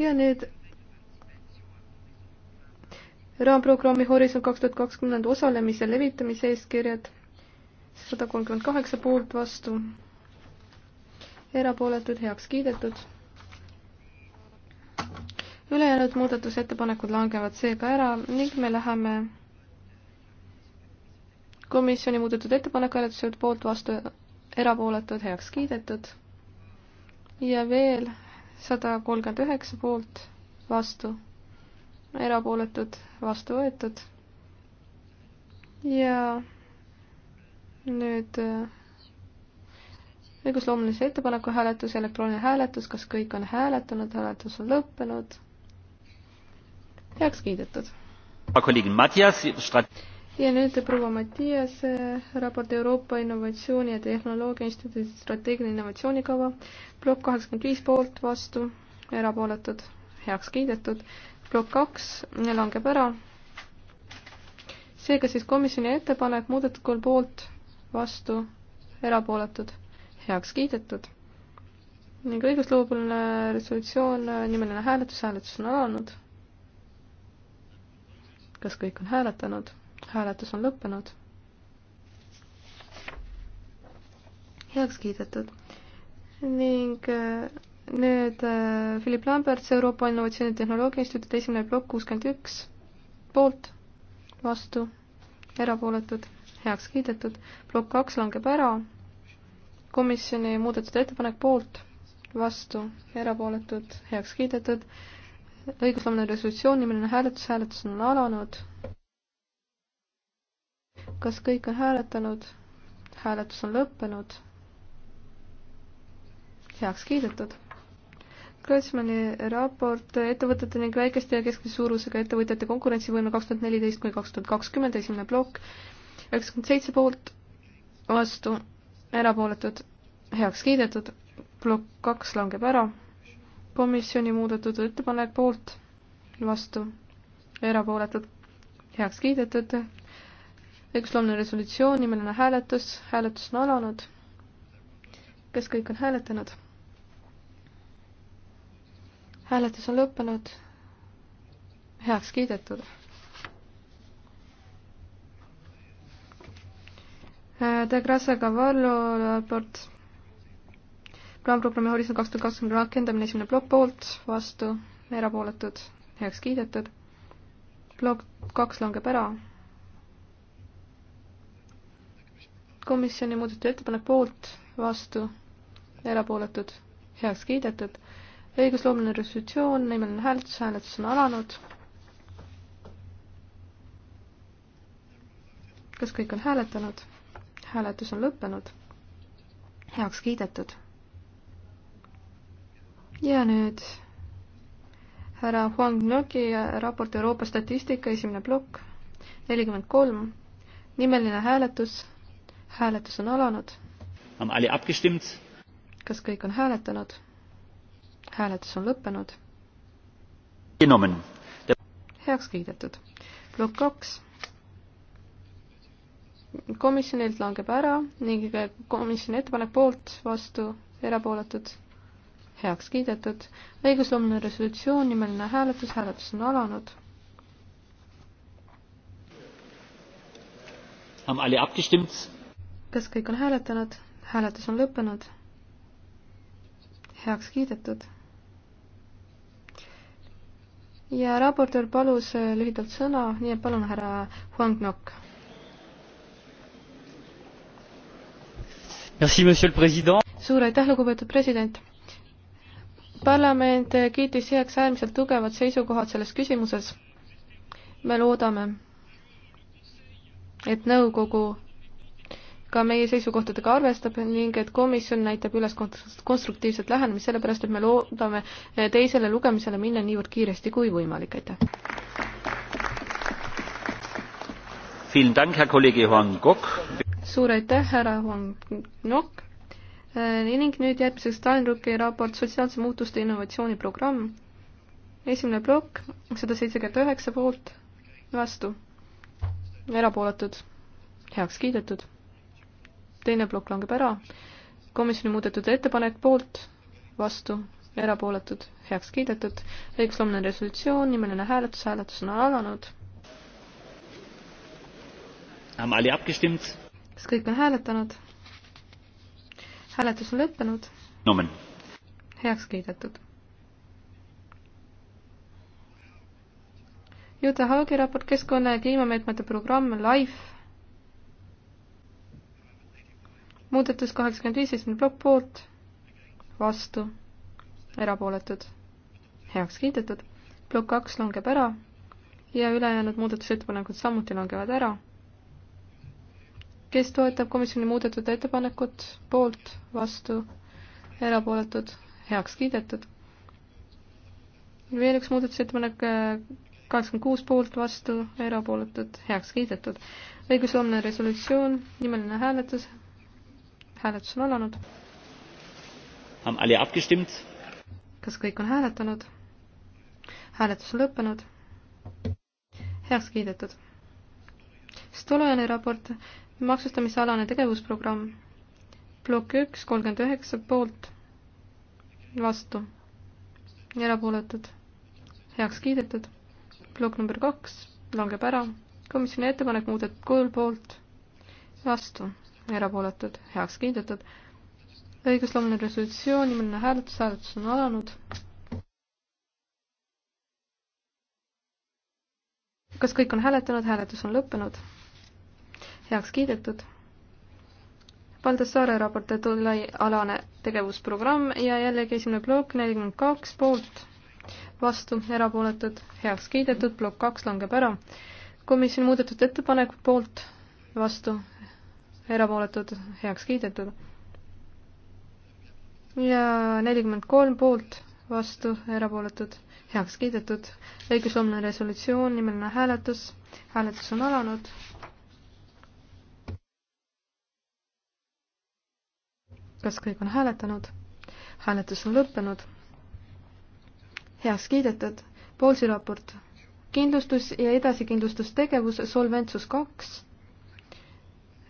ja nüüd raamprogrammi Horisont kaks tuhat kakskümmend osalemise levitamise eeskirjad sada kolmkümmend kaheksa poolt vastu, erapooletud heaks kiidetud. ülejäänud muudatusettepanekud langevad seega ära ning me läheme komisjoni muudetud ettepaneku hääletuse poolt vastu, erapooletud heaks kiidetud. ja veel sada kolmkümmend üheksa poolt, vastu, erapooletud, vastu võetud. ja nüüd äh, õigusloomulise ettepaneku hääletus, elektrooniline hääletus, kas kõik on hääletanud, hääletus on lõppenud. heaks kiidetud. kolleeg Mattias, ja nüüd proua Mattias, raport Euroopa Innovatsiooni ja Tehnoloogia Instituudi strateegiline innovatsioonikava, plokk kaheksakümmend viis poolt, vastu, erapooletud, heaks kiidetud, plokk kaks langeb ära. seega siis komisjoni ettepanek muudetud kujul poolt, vastu, erapooletud, heaks kiidetud ning õigusloobuline resolutsioon, nimeline hääletus, hääletus on alanud. kas kõik on hääletanud? hääletus on lõppenud. heaks kiidetud ning äh, nüüd äh, Philip Lamberts, Euroopa Innovatsiooni Tehnoloogia Instituudi esimene plokk kuuskümmend üks, poolt, vastu, erapooletud, heaks kiidetud, plokk kaks langeb ära, komisjoni muudetud ettepanek poolt, vastu, erapooletud, heaks kiidetud, õigusloomne resolutsioon, nimeline hääletus, hääletus on alanud kas kõik on hääletanud? hääletus on lõppenud. heaks kiidetud. Kreutzmanni raport ettevõtete ning väikeste ja keskmise suurusega ettevõtjate konkurentsivõime kaks tuhat neliteist kuni kaks tuhat kakskümmend, esimene plokk, üheksakümmend seitse poolt, vastu, erapooletud, heaks kiidetud, plokk kaks langeb ära, komisjoni muudetud ettepanek poolt, vastu, erapooletud, heaks kiidetud, õigusloomne resolutsioon, nimeline hääletus, hääletus on alanud. kes kõik on hääletanud? hääletus on lõppenud, heaks kiidetud. Äh, De Grasse Cavallo raport, raamprogrammi Horisont kaks tuhat kakskümmend rakendamine, esimene plokk poolt, vastu, erapooletud, heaks kiidetud. plokk kaks langeb ära komisjoni muudetud ettepanek poolt, vastu, erapooletud, heaks kiidetud. õigusloomine resolutsioon, nimeline hääletus, hääletus on alanud. kas kõik on hääletanud? hääletus on lõppenud. heaks kiidetud. ja nüüd härra Huang Noki raport Euroopa statistika, esimene plokk, nelikümmend kolm, nimeline hääletus hääletus on alanud. kas kõik on hääletanud? hääletus on lõppenud. heaks kiidetud. plokk kaks. komisjonilt langeb ära ning komisjoni ettepanek poolt, vastu, erapooletud, heaks kiidetud. õigusloomne resolutsioon, nimeline hääletus, hääletus on alanud haben alle abgestimmt? kas kõik on hääletanud? hääletus on lõppenud. heaks kiidetud. ja raportöör palus äh, lühidalt sõna, nii et palun, härra Huang Nok. suur aitäh, lugupeetud president parlament äh, kiitis heaks äärmiselt tugevad seisukohad selles küsimuses. me loodame, et nõukogu ka meie seisukohtadega arvestab ning et komisjon näitab üles konstruktiivset lähenemist, sellepärast et me loodame eh, teisele lugemisele minna niivõrd kiiresti kui võimalik, aitäh. suur aitäh, härra Huang Nok eh, ning nüüd järgmiseks Steinrucki raport Sotsiaalse muutuste innovatsiooniprogramm. esimene plokk, sada seitsekümmend üheksa poolt, vastu, erapooletud, heaks kiidetud teine plokk langeb ära. komisjoni muudetud ettepanek poolt, vastu, erapooletud, heaks kiidetud. õigusloomne resolutsioon, nimeline hääletus, hääletus on alanud. kas kõik on hääletanud? hääletus on lõppenud. heaks kiidetud. Juta Haagi raport Keskkonna ja kliimameetmete programm LIFE muudatus kaheksakümmend viis, esimene plokk poolt, vastu, erapooletud, heaks kiidetud. plokk kaks langeb ära ja ülejäänud muudatusettepanekud samuti langevad ära. kes toetab komisjoni muudetud ettepanekut, poolt, vastu, erapooletud, heaks kiidetud. veel üks muudatusettepanek, äh, kaheksakümmend kuus poolt, vastu, erapooletud, heaks kiidetud. õigusloomne resolutsioon, nimeline hääletus hääletus on alanud. kas kõik on hääletanud? hääletus on lõppenud. heaks kiidetud. Stolojani raport, maksustamisalane tegevusprogramm, plokk üks, kolmkümmend üheksa poolt, vastu, erapooletud, heaks kiidetud. plokk number kaks langeb ära, komisjoni ettepanek muudetud kujul poolt, vastu erapooletud, heaks kiidetud. õigusloomne resolutsioon, nimeline hääletus, hääletus on alanud. kas kõik on hääletanud, hääletus on lõppenud? heaks kiidetud. Valdassaare raport alane tegevusprogramm ja jällegi esimene plokk, nelikümmend kaks poolt, vastu, erapooletud, heaks kiidetud, plokk kaks langeb ära. komisjoni muudetud ettepanekud poolt, vastu, erapooletud, heaks kiidetud. ja nelikümmend kolm poolt, vastu, erapooletud, heaks kiidetud. õigusloomne resolutsioon, nimeline hääletus, hääletus on alanud. kas kõik on hääletanud? hääletus on lõppenud. heaks kiidetud, Poolsi raport, kindlustus ja edasikindlustustegevus, Solventsus kaks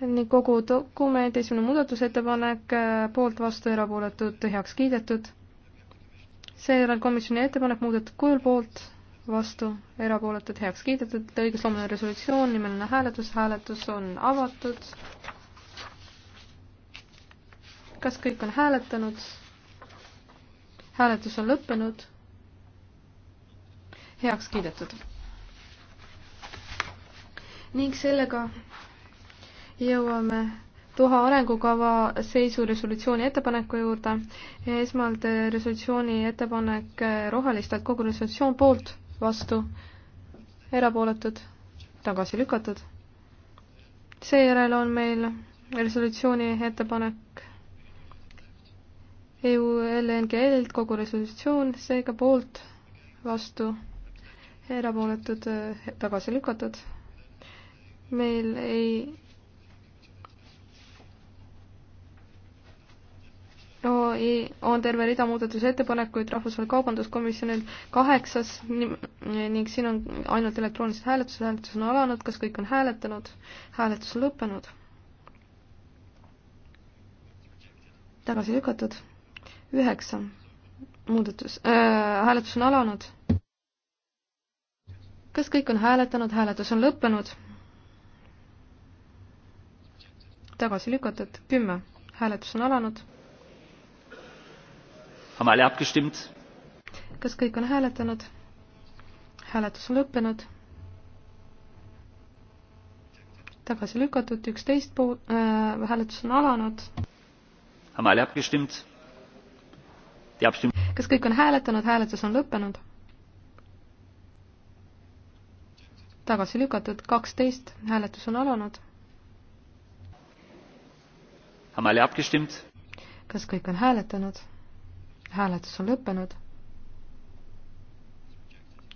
nii kogu dokument, esimene muudatusettepanek, äh, poolt, vastu, erapooletud, heaks kiidetud. seejärel komisjoni ettepanek muudetud kujul poolt, vastu, erapooletud, heaks kiidetud, õigusloomne resolutsioon, nimeline hääletus, hääletus on avatud. kas kõik on hääletanud? hääletus on lõppenud. heaks kiidetud. ning sellega jõuame Doha arengukava seisu resolutsiooni ettepaneku juurde. esmalt eh, resolutsiooni ettepanek eh, rohelistelt, kogu resolutsioon poolt, vastu, erapooletud, tagasi lükatud. seejärel on meil resolutsiooni ettepanek EU-LNGL-ilt kogu resolutsioon, seega poolt, vastu, erapooletud, eh, tagasi lükatud. meil ei OI on terve rida muudatusettepanekuid Rahvusvahel Kaubanduskomisjonil kaheksas ning siin on ainult elektroonilised hääletused, hääletus on alanud, kas kõik on hääletanud, hääletus on lõppenud. tagasi lükatud, üheksa muudatus äh,, hääletus on alanud. kas kõik on hääletanud, hääletus on lõppenud? tagasi lükatud, kümme, hääletus on alanud kas kõik on hääletanud? hääletus on lõppenud. tagasi lükatud üksteist pool äh,, hääletus on alanud. kas kõik on hääletanud, hääletus on lõppenud? tagasi lükatud kaksteist, hääletus on alanud. kas kõik on hääletanud? hääletus on lõppenud.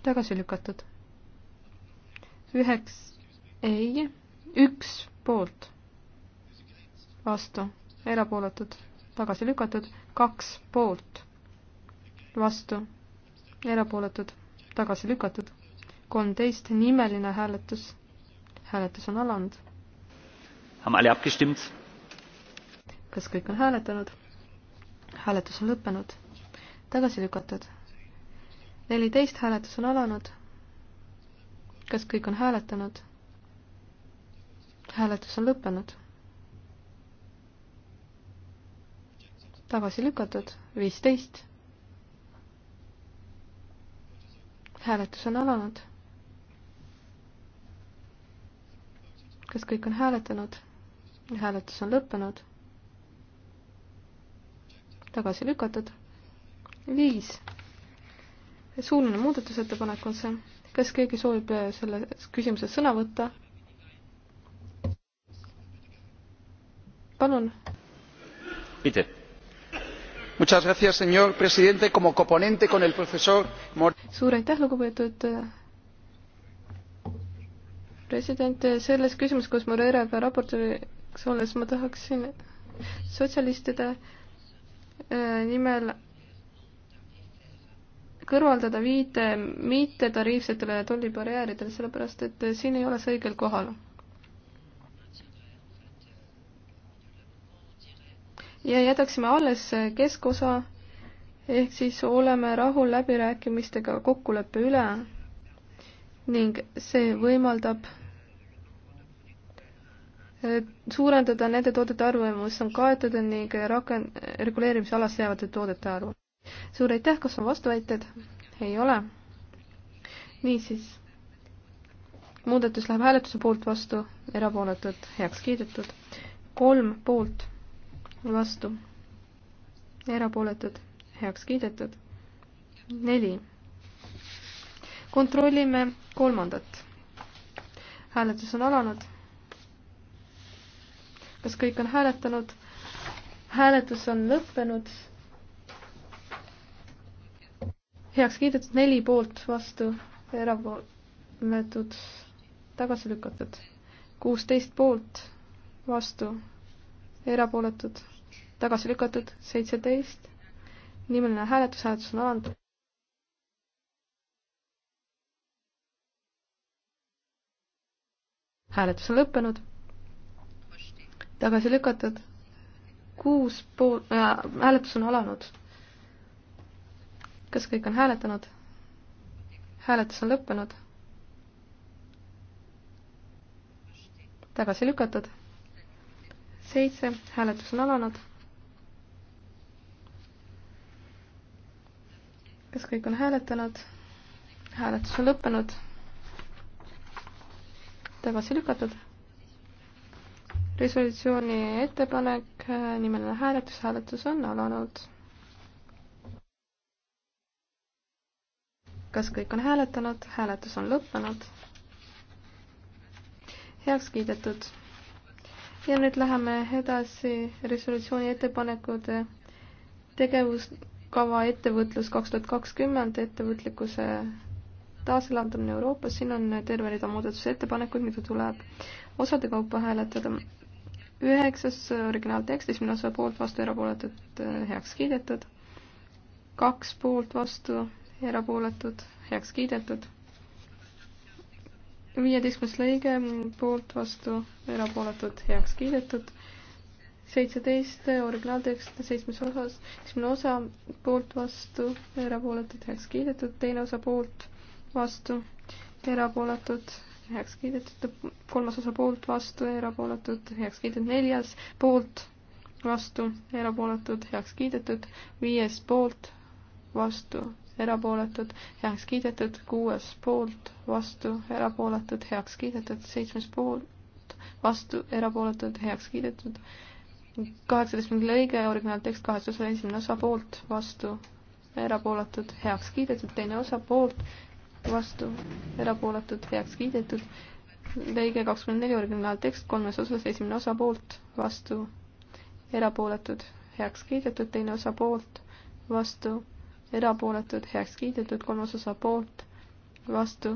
tagasi lükatud. üheks, ei, üks poolt, vastu, erapooletud, tagasi lükatud, kaks poolt, vastu, erapooletud, tagasi lükatud, kolmteist nimeline hääletus. hääletus on alanud. kas kõik on hääletanud? hääletus on lõppenud tagasi lükatud. neliteist hääletus on alanud. kas kõik on hääletanud? hääletus on lõppenud. tagasi lükatud, viisteist. hääletus on alanud. kas kõik on hääletanud? hääletus on lõppenud. tagasi lükatud viis. suuline muudatusettepanek on see. kas keegi soovib selles küsimuses sõna võtta? palun. suur aitäh, lugupeetud äh, president, selles küsimuses, kus Moreiraga raportööriks olles ma tahaksin sotsialistide äh, nimel kõrvaldada viite mittetariifsetele tollibarjääridele, sellepärast et siin ei ole see õigel kohal ja jätaksime alles keskosa, ehk siis oleme rahul läbirääkimistega kokkuleppe üle ning see võimaldab suurendada nende toodete arvu, mis on kaetud ning rakend-, reguleerimisalasse jäävate toodete arvu suur aitäh, kas on vastuväited? ei ole. niisiis, muudatus läheb hääletuse poolt vastu, erapooletud heaks kiidetud. kolm poolt vastu, erapooletud heaks kiidetud. neli. kontrollime kolmandat. hääletus on alanud. kas kõik on hääletanud? hääletus on lõppenud heaks kiidetud, neli poolt, vastu, erapooletud, tagasi lükatud. kuusteist poolt, vastu, erapooletud, tagasi lükatud, seitseteist, nimeline hääletus, hääletus on alanud. hääletus on lõppenud, tagasi lükatud, kuus pool äh,, hääletus on alanud kas kõik on hääletanud? hääletus on lõppenud. tagasi lükatud. seitse, hääletus on alanud. kas kõik on hääletanud? hääletus on lõppenud. tagasi lükatud resolutsiooni ettepanek, nimeline hääletus, hääletus on alanud kas kõik on hääletanud, hääletus on lõppenud, heaks kiidetud. ja nüüd läheme edasi resolutsiooni ettepanekude tegevuskava ettevõtlus kaks tuhat kakskümmend, ettevõtlikkuse taaselavdamine Euroopas, siin on terve rida muudatusettepanekuid, mida tuleb osade kaupa hääletada. üheksas originaaltekst, esimene osa poolt, vastu, erapooletud, heaks kiidetud. kaks poolt, vastu, erapooletud, heaks kiidetud. viieteistkümnes lõige poolt, vastu, erapooletud, heaks kiidetud. seitseteist originaaltekst seitsmes osas, esimene osa poolt, vastu, erapooletud, heaks kiidetud, teine osa poolt, vastu, erapooletud, heaks kiidetud, kolmas osa poolt, vastu, erapooletud, heaks kiidetud, neljas poolt, vastu, erapooletud, heaks kiidetud, viies poolt, vastu, erapooletud, heaks kiidetud, kuues poolt, vastu, erapooletud, heaks kiidetud, seitsmes poolt, vastu, erapooletud, heaks kiidetud, kaheksateistkümnenda lõige, originaaltekst kahes osas, esimene osa poolt, vastu, erapooletud, heaks kiidetud, teine osa poolt, vastu, erapooletud, heaks kiidetud, lõige kakskümmend neli, originaaltekst kolmes osas, esimene osa poolt, vastu, erapooletud, heaks kiidetud, teine osa poolt, vastu erapooletud, heaks kiidetud, kolmas osa poolt, vastu,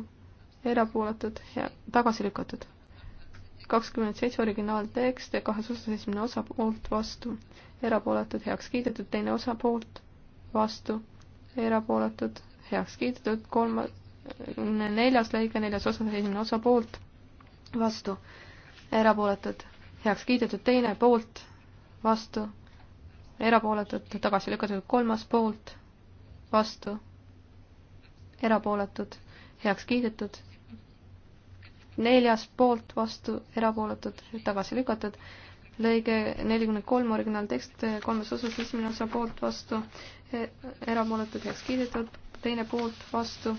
erapooletud, tagasi lükatud. kakskümmend seitse originaaltekst ja kahes osas esimene osa poolt, vastu, erapooletud, heaks kiidetud, teine osa poolt, vastu, erapooletud, heaks kiidetud, kolma, neljas lõige, neljas osa, esimene osa poolt, vastu, erapooletud, heaks kiidetud, teine poolt, vastu, erapooletud, tagasi lükatud, kolmas poolt vastu, erapooletud, heaks kiidetud. neljas poolt, vastu, erapooletud, tagasi lükatud. lõige nelikümmend kolm, originaaltekst, kolmes osas, esimene osa poolt, vastu, e-, erapooletud, heaks kiidetud. teine poolt, vastu,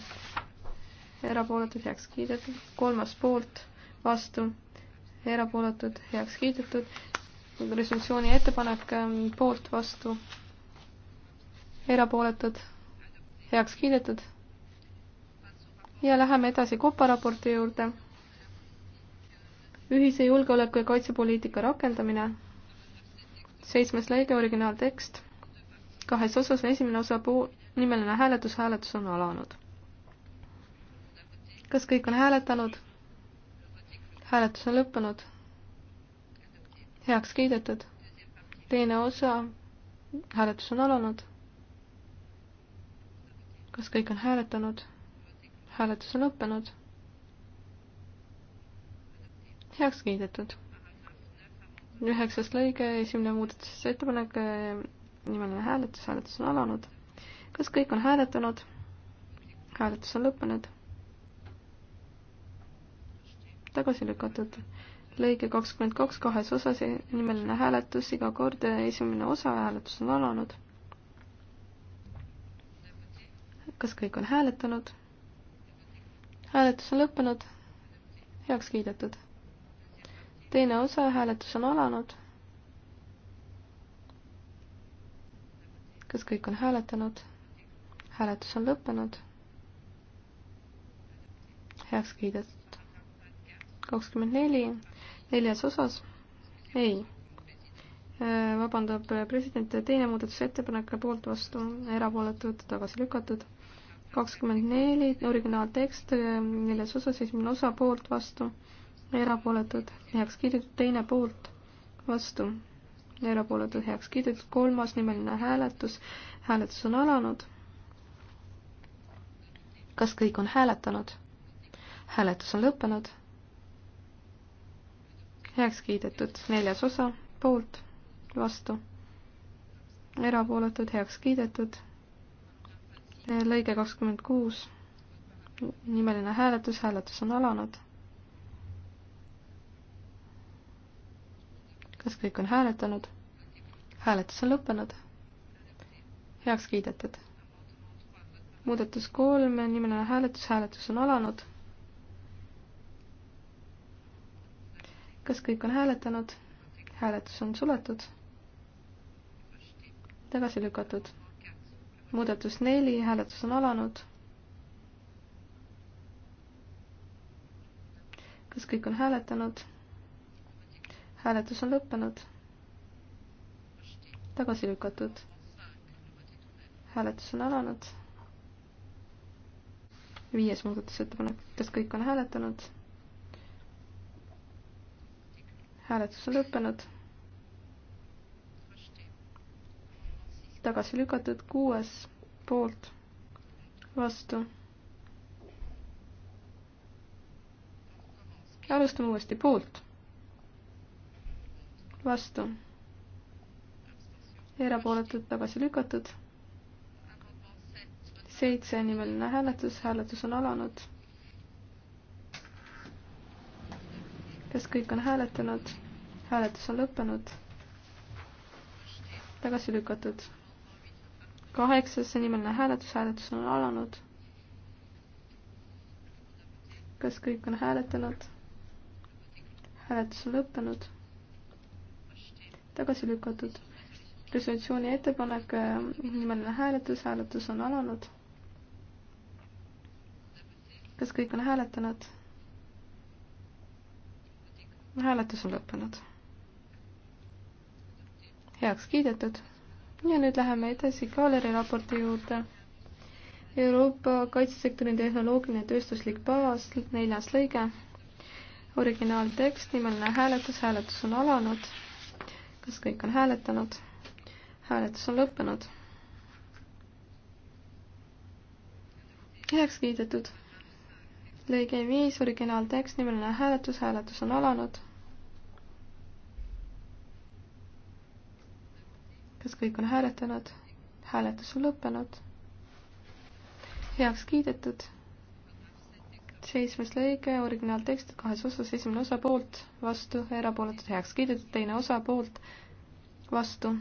erapooletud, heaks kiidetud. kolmas poolt, vastu, erapooletud, heaks kiidetud. resolutsiooni ettepanek poolt, vastu, erapooletud heaks kiidetud. ja läheme edasi COPA raporti juurde. ühise julgeoleku ja kaitsepoliitika rakendamine. seitsmes lõige, originaaltekst. kahes osas, esimene osa puu-, nimeline hääletus, hääletus on alanud. kas kõik on hääletanud? hääletus on lõppenud. heaks kiidetud. teine osa, hääletus on alanud kas kõik on hääletanud? hääletus on lõppenud. heaks kiidetud. üheksas lõige, esimene muudatusettepanek, nimeline hääletus, hääletus on alanud. kas kõik on hääletanud? hääletus on lõppenud. tagasi lükatud. lõige kakskümmend kaks kahes osas, nimeline hääletus iga kord, esimene osa hääletus on alanud kas kõik on hääletanud? hääletus on lõppenud, heaks kiidetud. teine osa, hääletus on alanud. kas kõik on hääletanud? hääletus on lõppenud, heaks kiidetud. kakskümmend neli, neljas osas, ei äh, vabandab president, teine muudatusettepanek poolt vastu, erapooletud, tagasi lükatud kakskümmend neli, originaaltekst, neljas osas, esimene osa poolt, vastu, erapooletud, heaks kiidetud, teine poolt, vastu, erapooletud, heaks kiidetud, kolmas nimeline hääletus, hääletus on alanud. kas kõik on hääletanud? hääletus on lõppenud. heaks kiidetud, neljas osa, poolt, vastu, erapooletud, heaks kiidetud lõige kakskümmend kuus, nimeline hääletus, hääletus on alanud. kas kõik on hääletanud? hääletus on lõppenud. heaks kiidetud. muudatus kolm, nimeline hääletus, hääletus on alanud. kas kõik on hääletanud? hääletus on suletud. tagasi lükatud muudatus neli, hääletus on alanud. kas kõik on hääletanud? hääletus on lõppenud. tagasi lükatud. hääletus on alanud. viies muudatusettepanek, kas kõik on hääletanud? hääletus on lõppenud tagasi lükatud, kuues poolt, vastu. alustame uuesti, poolt, vastu, erapooletud, tagasi lükatud. seitse nimeline hääletus, hääletus on alanud. kas kõik on hääletanud? hääletus on lõppenud. tagasi lükatud kaheksas nimeline hääletus, hääletus on alanud. kas kõik on hääletanud? hääletus on lõppenud. tagasi lükatud. resolutsiooni ettepanek, äh, nimeline hääletus, hääletus on alanud. kas kõik on hääletanud? hääletus on lõppenud. heaks kiidetud ja nüüd läheme edasi Kaaleri raporti juurde. Euroopa kaitsesektori tehnoloogiline tööstuslik baas, neljas lõige, originaaltekst, nimeline hääletus, hääletus on alanud. kas kõik on hääletanud? hääletus on lõppenud. heaks kiidetud. lõige viis, originaaltekst, nimeline hääletus, hääletus on alanud kas kõik on hääletanud? hääletus on lõppenud. heaks kiidetud. seitsmes lõige, originaaltekst kahes osas, esimene osa poolt, vastu, erapooletud, heaks kiidetud, teine osa poolt, vastu,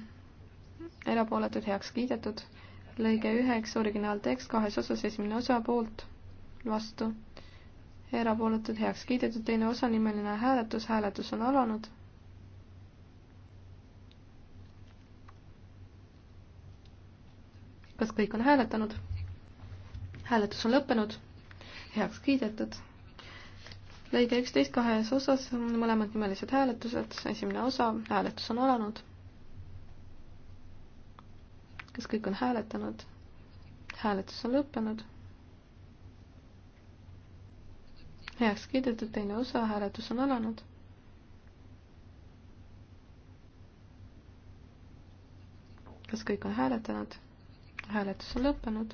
erapooletud, heaks kiidetud. lõige üheks, originaaltekst kahes osas, esimene osa poolt, vastu, erapooletud, heaks kiidetud, teine osa, nimeline hääletus, hääletus on alanud kas kõik on hääletanud? hääletus on lõppenud, heaks kiidetud. lõige üksteist kahes osas, mõlemad nimelised hääletused, esimene osa, hääletus on alanud. kas kõik on hääletanud? hääletus on lõppenud. heaks kiidetud teine osa, hääletus on alanud kas kõik on hääletanud? hääletus on lõppenud.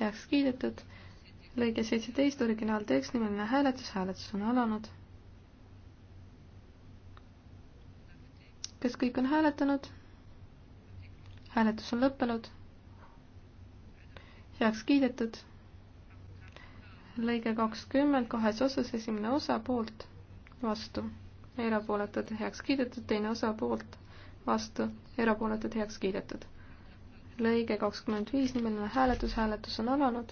heaks kiidetud. lõige seitseteist, originaaltekst, nimeline hääletus, hääletus on alanud. kas kõik on hääletanud? hääletus on lõppenud. heaks kiidetud. lõige kakskümmend kahes osas, esimene osa poolt, vastu, erapooletud, heaks kiidetud, teine osa poolt vastu, erapooletud heaks kiidetud lõige kakskümmend viis, nimeline hääletus, hääletus on alanud.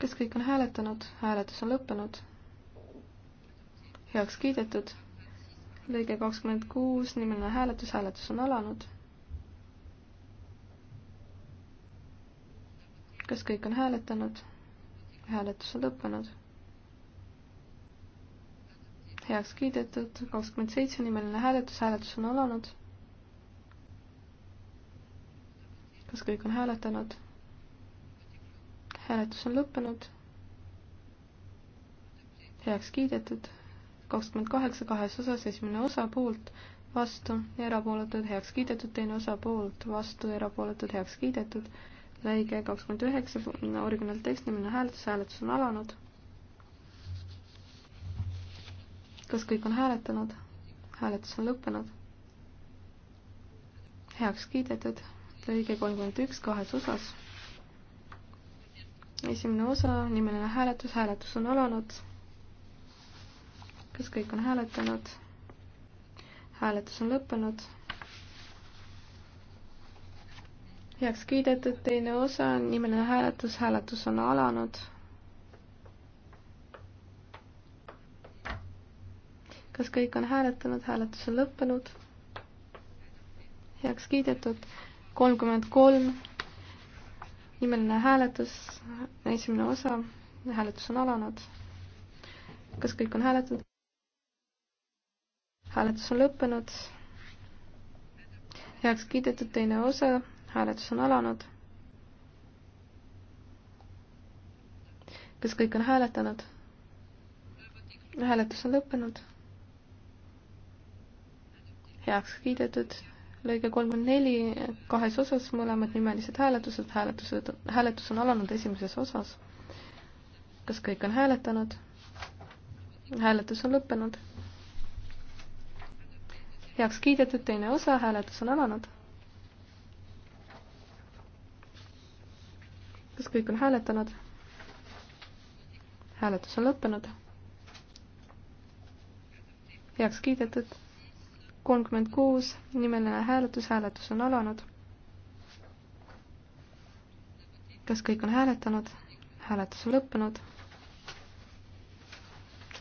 kas kõik on hääletanud? hääletus on lõppenud. heaks kiidetud. lõige kakskümmend kuus, nimeline hääletus, hääletus on alanud. kas kõik on hääletanud? hääletus on lõppenud heaks kiidetud, kakskümmend seitse nimeline hääletus, hääletus on alanud. kas kõik on hääletanud? hääletus on lõppenud. heaks kiidetud. kakskümmend kaheksa kahes osas, esimene osa poolt, vastu, erapooletud, heaks kiidetud, teine osa poolt, vastu, erapooletud, heaks kiidetud. lõige kakskümmend üheksa, originaaltekst, nimeline hääletus, hääletus on alanud. kas kõik on hääletanud? hääletus on lõppenud. heaks kiidetud lõige kolmkümmend üks kahes osas. esimene osa, nimeline hääletus, hääletus on alanud. kas kõik on hääletanud? hääletus on lõppenud. heaks kiidetud teine osa, nimeline hääletus, hääletus on alanud. kas kõik on hääletanud, hääletus on lõppenud heaks kiidetud kolmkümmend kolm, nimeline hääletus, esimene osa, hääletus on alanud. kas kõik on hääletanud? hääletus on lõppenud. heaks kiidetud teine osa, hääletus on alanud. kas kõik on hääletanud? hääletus on lõppenud. heaks kiidetud lõige kolmkümmend neli kahes osas, mõlemad nimelised hääletused, hääletused, hääletus on alanud esimeses osas. kas kõik on hääletanud? hääletus on lõppenud. heaks kiidetud teine osa, hääletus on alanud. kas kõik on hääletanud? hääletus on lõppenud. heaks kiidetud kolmkümmend kuus, nimeline hääletus, hääletus on alanud. kas kõik on hääletanud? hääletus on lõppenud.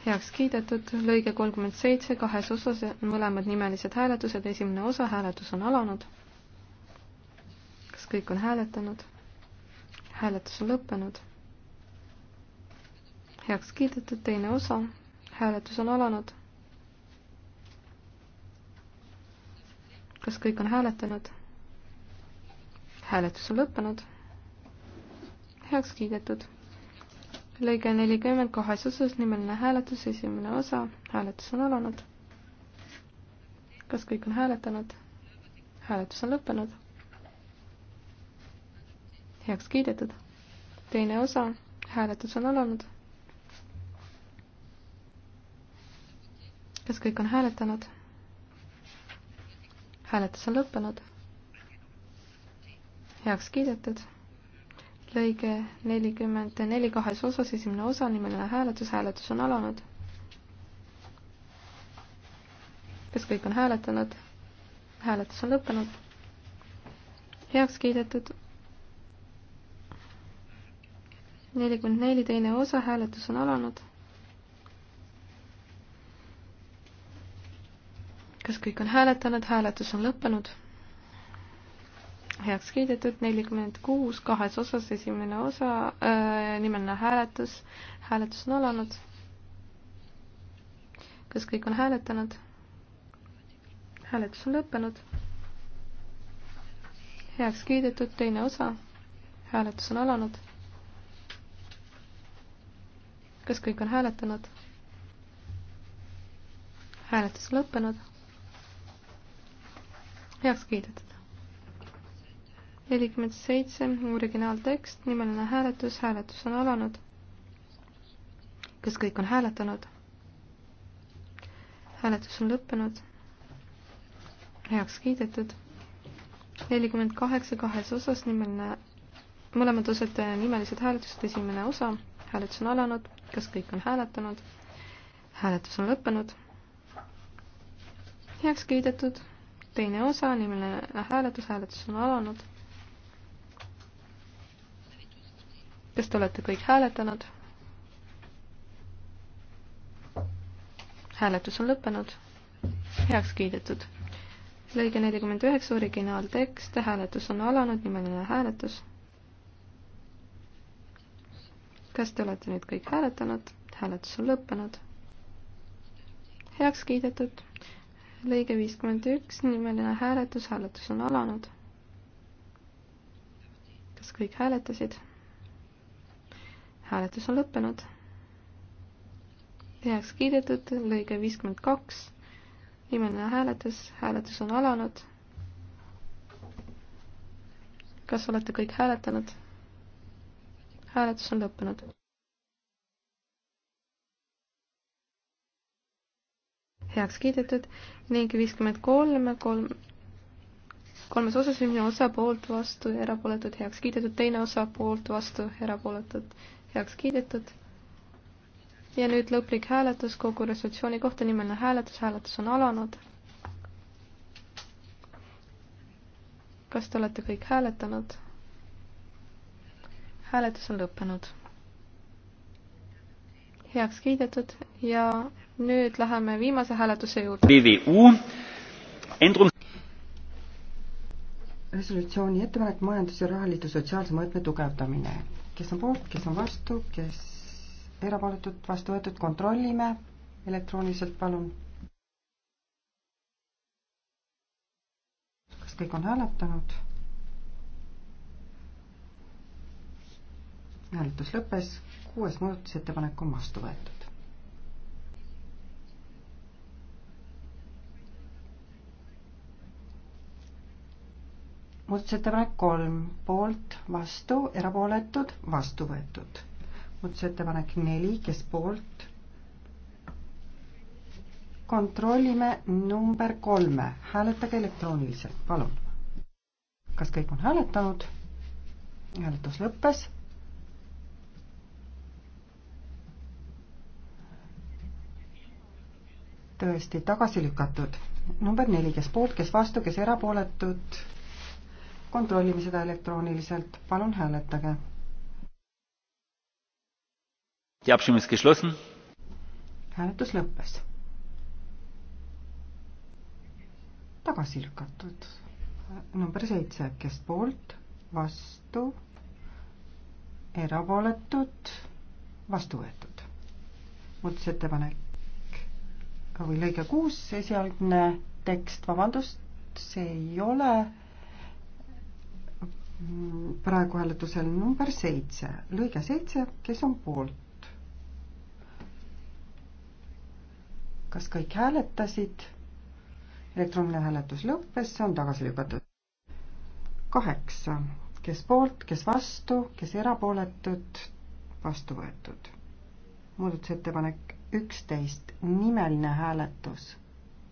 heaks kiidetud, lõige kolmkümmend seitse, kahes osas mõlemad nimelised hääletused, esimene osa, hääletus on alanud. kas kõik on hääletanud? hääletus on lõppenud. heaks kiidetud, teine osa, hääletus on alanud kas kõik on hääletanud? hääletus on lõppenud. heaks kiidetud. lõige nelikümmend kahes osas nimeline hääletus, esimene osa, hääletus on alanud. kas kõik on hääletanud? hääletus on lõppenud. heaks kiidetud. teine osa, hääletus on alanud. kas kõik on hääletanud? hääletus on lõppenud. heaks kiidetud. lõige nelikümmend neli kahes osas, esimene osa, nimeline hääletus, hääletus on alanud. kas kõik on hääletanud? hääletus on lõppenud. heaks kiidetud. nelikümmend neli teine osa, hääletus on alanud kas kõik on hääletanud, hääletus on lõppenud? heaks kiidetud nelikümmend kuus kahes osas, esimene osa äh,, nimeline hääletus, hääletus on alanud. kas kõik on hääletanud? hääletus on lõppenud. heaks kiidetud teine osa, hääletus on alanud. kas kõik on hääletanud? hääletus lõppenud heaks kiidetud. nelikümmend seitse, originaaltekst, nimeline hääletus, hääletus on alanud. kas kõik on hääletanud? hääletus on lõppenud. heaks kiidetud. nelikümmend kaheksa kahes osas, nimeline, mõlemad osad äh, nimelised hääletused, esimene osa, hääletus on alanud, kas kõik on hääletanud? hääletus on lõppenud. heaks kiidetud teine osa, nimeline hääletus, hääletus on alanud. kas te olete kõik hääletanud? hääletus on lõppenud, heaks kiidetud. lõige nelikümmend üheksa, originaaltekst, hääletus on alanud, nimeline hääletus. kas te olete nüüd kõik hääletanud? hääletus on lõppenud, heaks kiidetud lõige viiskümmend üks, nimeline hääletus, hääletus on alanud. kas kõik hääletasid? hääletus on lõppenud. heaks kiidetud, lõige viiskümmend kaks, nimeline hääletus, hääletus on alanud. kas olete kõik hääletanud? hääletus on lõppenud. heaks kiidetud ning viiskümmend kolm, kolm, kolmes osas esimene osa poolt, vastu, erapooletud, heaks kiidetud, teine osa poolt, vastu, erapooletud, heaks kiidetud. ja nüüd lõplik hääletus kogu resolutsiooni kohta, nimeline hääletus, hääletus on alanud. kas te olete kõik hääletanud? hääletus on lõppenud heaks kiidetud ja nüüd läheme viimase hääletuse juurde. resolutsiooni ettepanek Majandus- ja Rahaliidu sotsiaalse mõõtme tugevdamine. kes on poolt, kes on vastu, kes erapooletud, vastu võetud, kontrollime elektrooniliselt, palun. kas kõik on hääletanud? hääletus lõppes kuues muudatusettepanek on vastu võetud. muudatusettepanek kolm, poolt, vastu, erapooletud, vastu võetud. muudatusettepanek neli, kes poolt? kontrollime number kolme, hääletage elektrooniliselt, palun. kas kõik on hääletanud? hääletus lõppes tõesti tagasi lükatud. number neli, kes poolt, kes vastu, kes erapooletud. kontrollime seda elektrooniliselt, palun hääletage. hääletus lõppes. tagasi lükatud. number seitse, kes poolt, vastu, erapooletud, vastu võetud. muudatusettepanek või lõige kuus, esialgne tekst, vabandust, see ei ole praegu hääletusel number seitse, lõige seitse, kes on poolt? kas kõik hääletasid? elektrooniline hääletus lõppes, see on tagasi lükatud. kaheksa, kes poolt, kes vastu, kes erapooletud, vastu võetud. muudatusettepanek üksteist, nimeline hääletus.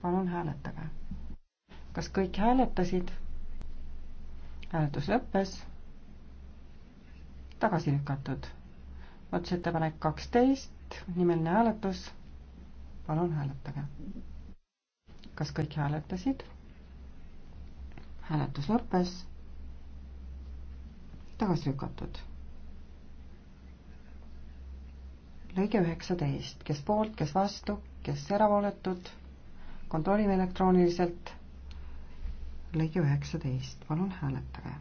palun hääletage. kas kõik hääletasid? hääletus lõppes. tagasi lükatud. muudatusettepanek kaksteist, nimeline hääletus. palun hääletage. kas kõik hääletasid? hääletus lõppes. tagasi lükatud lõige üheksateist, kes poolt, kes vastu, kes erapooletud, kontrollime elektrooniliselt. lõige üheksateist, palun hääletage.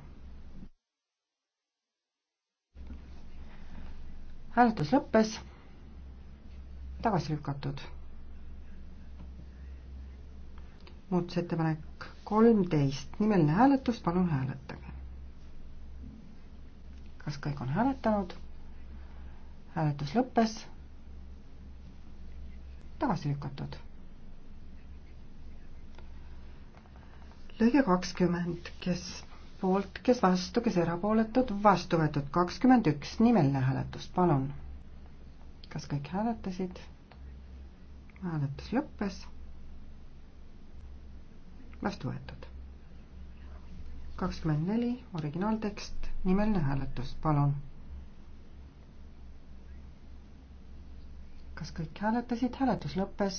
hääletus lõppes, tagasi lükatud. muudatusettepanek kolmteist, nimeline hääletus, palun hääletage. kas kõik on hääletanud? hääletus lõppes. tagasi lükatud. lõige kakskümmend, kes poolt, kes vastu, kes erapooletud, vastu võetud kakskümmend üks, nimeline hääletus, palun. kas kõik hääletasid? hääletus lõppes. vastu võetud. kakskümmend neli, originaaltekst, nimeline hääletus, palun kas kõik hääletasid, hääletus lõppes,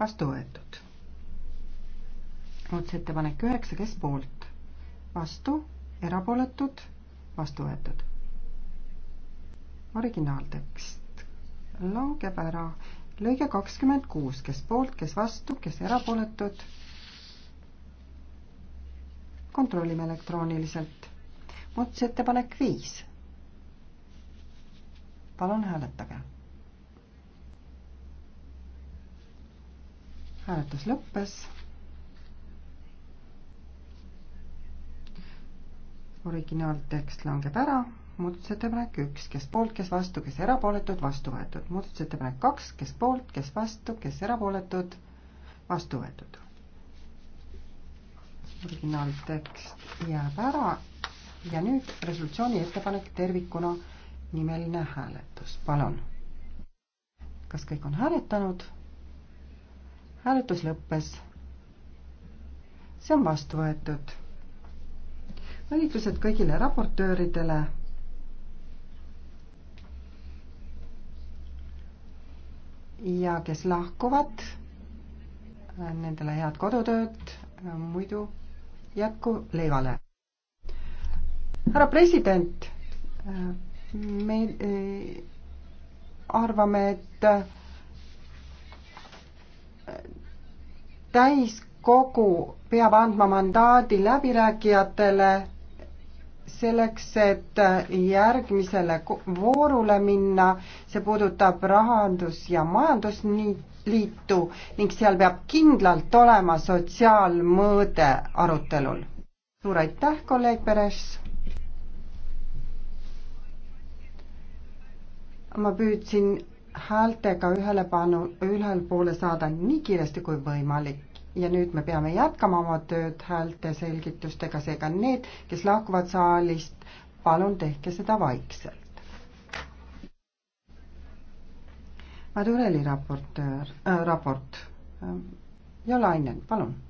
vastu võetud. muudatusettepanek üheksa, kes poolt, vastu, erapooletud, vastu võetud. originaaltekst langeb ära, lõige kakskümmend kuus, kes poolt, kes vastu, kes erapooletud kontrollime elektrooniliselt. muudatusettepanek viis, palun hääletage. hääletus lõppes. originaaltekst langeb ära, muudatusettepanek üks, kes poolt, kes vastu, kes erapooletud, vastu võetud, muudatusettepanek kaks, kes poolt, kes vastu, kes erapooletud, vastu võetud. originaaltekst jääb ära ja nüüd resolutsiooni ettepanek tervikuna nimeline hääletus, palun. kas kõik on hääletanud? hääletus lõppes. see on vastu võetud. õnnitlused kõigile raportööridele. ja kes lahkuvad, nendele head kodutööd, muidu jätku leivale. härra president me eh, arvame, et eh, täiskogu peab andma mandaadi läbirääkijatele selleks, et eh, järgmisele voorule minna, see puudutab Rahandus- ja Majandusliitu ning seal peab kindlalt olema sotsiaalmõõde arutelul. suur aitäh, kolleeg Peres! ma püüdsin häältega ühele panu, ühele poole saada nii kiiresti kui võimalik ja nüüd me peame jätkama oma tööd häälte selgitustega, seega need, kes lahkuvad saalist, palun tehke seda vaikselt. Madureli raportöör äh,, raport äh, ja Lainen, palun